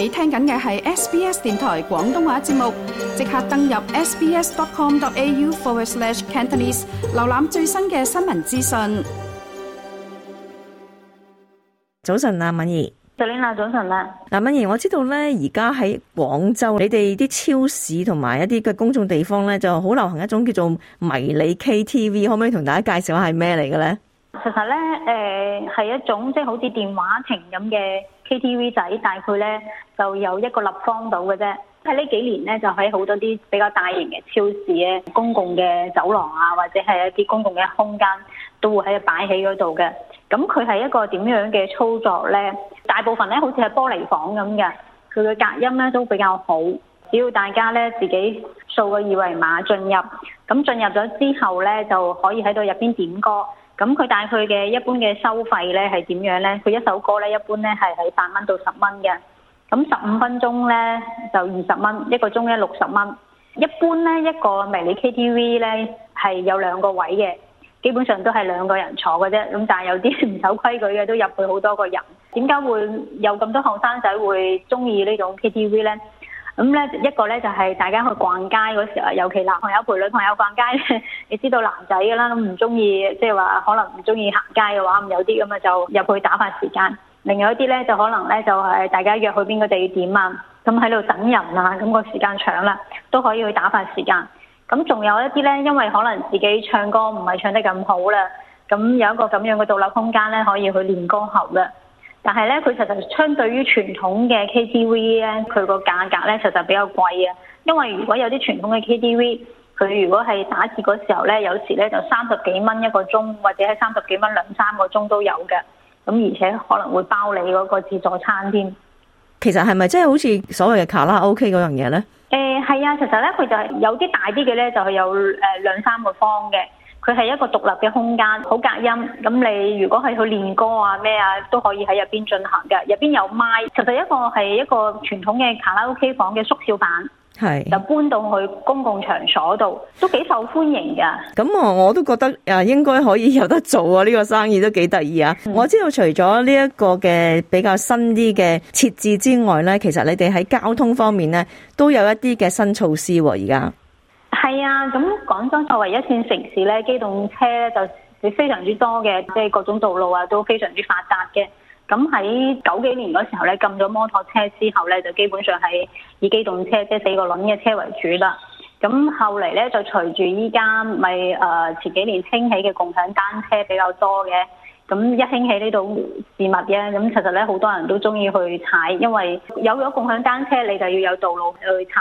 你聽緊嘅係 SBS 電台廣東話節目，即刻登入 sbs.com.au forward slash cantonese，瀏覽最新嘅新聞資訊。早晨啊，敏儀，鄺美玲，早晨啦。嗱，敏儀，我知道咧，而家喺廣州，你哋啲超市同埋一啲嘅公眾地方咧，就好流行一種叫做迷你 KTV，可唔可以同大家介紹下係咩嚟嘅咧？其實咧，誒、呃、係一種即係好似電話亭咁嘅。KTV 仔大概咧就有一個立方度嘅啫，喺呢幾年咧就喺好多啲比較大型嘅超市嘅公共嘅走廊啊，或者係一啲公共嘅空間都會喺度擺起嗰度嘅。咁佢係一個點樣嘅操作咧？大部分咧好似係玻璃房咁嘅，佢嘅隔音咧都比較好。只要大家咧自己掃個二維碼進入，咁進入咗之後咧就可以喺度入邊點歌。咁佢大概嘅一般嘅收費呢係點樣呢？佢一首歌呢一般呢係喺八蚊到十蚊嘅，咁十五分鐘呢，就二十蚊，一個鐘呢，六十蚊。一般呢，一個迷你 KTV 呢係有兩個位嘅，基本上都係兩個人坐嘅啫。咁但係有啲唔守規矩嘅都入去好多個人。點解會有咁多後生仔會中意呢種 KTV 呢？咁咧，一個咧就係大家去逛街嗰時候，尤其男朋友陪女朋友逛街，你知道男仔噶啦，唔中意即係話可能唔中意行街嘅話，咁有啲咁啊，就入去打發時間。另外一啲咧就可能咧就係大家約去邊個地點啊，咁喺度等人啊，咁個時間長啦，都可以去打發時間。咁仲有一啲咧，因為可能自己唱歌唔係唱得咁好啦，咁有一個咁樣嘅獨立空間咧，可以去練歌喉嘅。但係咧，佢其實相對於傳統嘅 KTV 咧，佢個價格咧實在比較貴啊。因為如果有啲傳統嘅 KTV，佢如果係打折嗰時候咧，有時咧就三十幾蚊一個鐘，或者係三十幾蚊兩三個鐘都有嘅。咁而且可能會包你嗰個自助餐添。其實係咪即係好似所謂嘅卡拉 OK 嗰樣嘢咧？誒係啊，其實咧佢就係有啲大啲嘅咧，就係有誒兩三個方嘅。佢係一個獨立嘅空間，好隔音。咁你如果係去練歌啊咩啊，都可以喺入邊進行嘅。入邊有麥，其實一個係一個傳統嘅卡拉 OK 房嘅縮小版。係就搬到去公共場所度，都幾受歡迎噶。咁我都覺得啊，應該可以有得做啊！呢個生意都幾得意啊。嗯！我知道除咗呢一個嘅比較新啲嘅設置之外呢，其實你哋喺交通方面呢，都有一啲嘅新措施啊。而家係啊，咁廣州作為一線城市咧，機動車咧就非常之多嘅，即係各種道路啊都非常之發達嘅。咁喺九幾年嗰時候咧，禁咗摩托車之後咧，就基本上係以機動車，即係四個輪嘅車為主啦。咁後嚟咧，就隨住依家咪誒前幾年興起嘅共享單車比較多嘅，咁一興起呢種事物呢，咁其實咧好多人都中意去踩，因為有咗共享單車，你就要有道路去踩。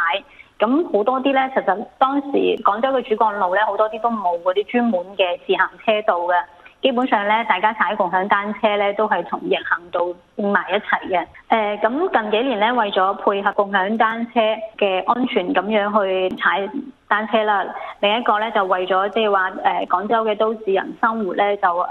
咁好多啲呢，其實當時廣州嘅主幹路呢，好多啲都冇嗰啲專門嘅自行車道嘅，基本上呢，大家踩共享單車呢，都係同人行道拼埋一齊嘅。咁、呃、近幾年呢，為咗配合共享單車嘅安全咁樣去踩單車啦，另一個呢，就為咗即係話誒廣州嘅都市人生活呢，就誒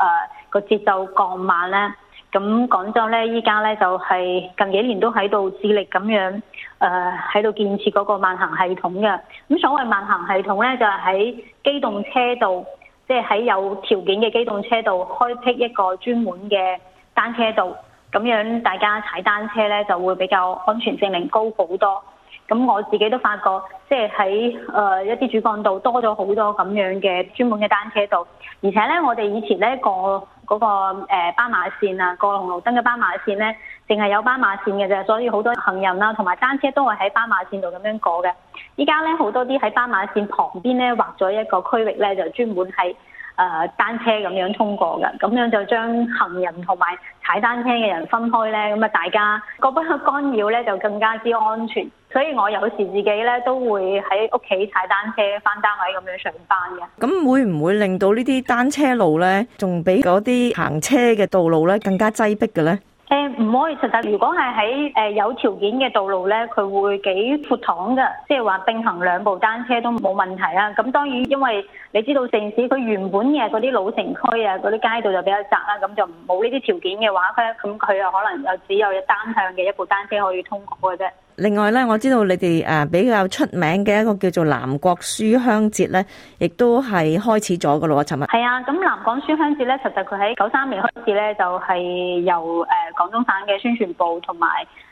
個、呃、節奏降慢呢。咁廣州咧，依家咧就係近幾年都喺度致力咁樣，呃，喺度建設嗰個慢行系統嘅。咁所謂慢行系統咧，就係、是、喺機動車道，即係喺有條件嘅機動車道開闢一個專門嘅單車道，咁樣大家踩單車咧就會比較安全性令高好多。咁我自己都發覺，即係喺呃一啲主幹道多咗好多咁樣嘅專門嘅單車道，而且咧我哋以前咧、嗰個……嗰個誒斑馬線啊，過紅綠燈嘅斑馬線呢，淨係有斑馬線嘅啫，所以好多行人啦，同埋單車都會喺斑馬線度咁樣過嘅。依家呢，好多啲喺斑馬線旁邊呢，畫咗一個區域呢，就專門係誒、呃、單車咁樣通過嘅，咁樣就將行人同埋踩單車嘅人分開咧，咁啊大家個不干擾咧就更加之安全，所以我有時自己咧都會喺屋企踩單車返單位咁樣上班嘅。咁會唔會令到呢啲單車路咧，仲比嗰啲行車嘅道路咧更加擠迫嘅咧？誒、欸、唔可以，其實如果係喺誒有條件嘅道路咧，佢會幾闊闢嘅，即係話並行兩部單車都冇問題啦、啊。咁當然因為你知道城市佢原本嘅嗰啲老城區啊，嗰啲街道就比較窄啦、啊，咁就冇呢啲條件嘅話，佢咁佢又可能又只有單向嘅一部單車可以通過嘅啫。另外咧，我知道你哋誒比較出名嘅一個叫做南國書香節咧，亦都係開始咗嘅咯。喎，尋日係啊，咁南國書香節咧，其實佢喺九三年開始咧，就係由誒廣東省嘅宣傳部同埋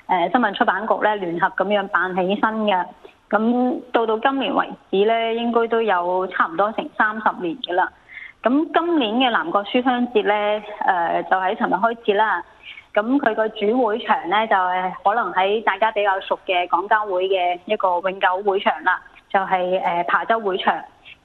誒新聞出版局咧聯合咁樣辦起身嘅。咁到到今年為止咧，應該都有差唔多成三十年嘅啦。咁今年嘅南國書香節咧，誒就喺尋日開始啦。咁佢個主會場咧就係、是、可能喺大家比較熟嘅廣交會嘅一個永久會場啦，就係誒琶洲會場。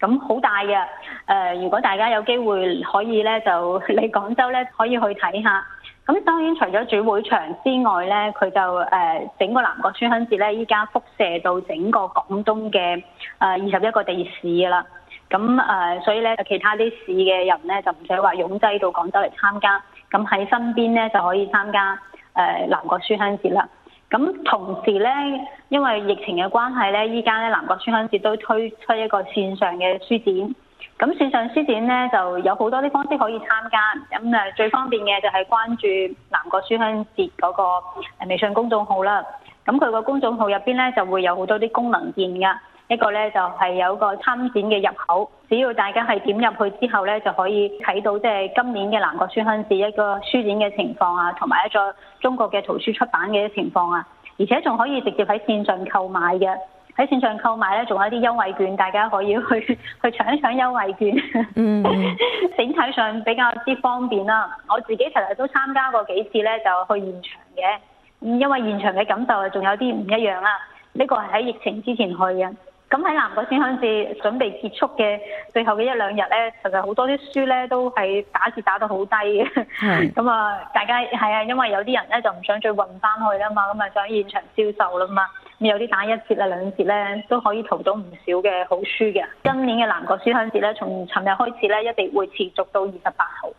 咁好大嘅，誒、呃、如果大家有機會可以咧就嚟廣州咧可以去睇下。咁當然除咗主會場之外咧，佢就誒、呃、整個南國村鄉節咧依家輻射到整個廣東嘅誒二十一個地市㗎啦。咁誒、呃、所以咧其他啲市嘅人咧就唔使話擁擠到廣州嚟參加。咁喺身邊咧就可以參加誒、呃、南國書香節啦。咁同時咧，因為疫情嘅關係咧，依家咧南國書香節都推出一個線上嘅書展。咁線上書展咧就有好多啲方式可以參加。咁誒最方便嘅就係關注南國書香節嗰個微信公眾號啦。咁佢個公眾號入邊咧就會有好多啲功能鍵噶。個呢個咧就係、是、有個參展嘅入口，只要大家係點入去之後咧，就可以睇到即係今年嘅南國書香節一個書展嘅情況啊，同埋一個中國嘅圖書出版嘅情況啊，而且仲可以直接喺線上購買嘅。喺線上購買咧，仲有一啲優惠券，大家可以去去搶一搶優惠券。嗯、mm-hmm. 整體上比較之方便啦、啊。我自己其實都參加過幾次咧，就去現場嘅。咁因為現場嘅感受還啊，仲有啲唔一樣啦。呢個係喺疫情之前去嘅。咁喺南國書香節準備結束嘅最後嘅一兩日咧，其實好多啲書咧都係打折打到好低嘅。咁、mm. 啊、嗯，大家係啊，因為有啲人咧就唔想再運翻去啦嘛，咁啊想現場銷售啦嘛。咁、嗯、有啲打一折啦、兩折咧，都可以淘到唔少嘅好書嘅。今年嘅南國書香節咧，從尋日開始咧，一定會持續到二十八號。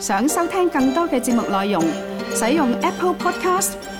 想收聽更多嘅節目內容，使用 Apple Podcast。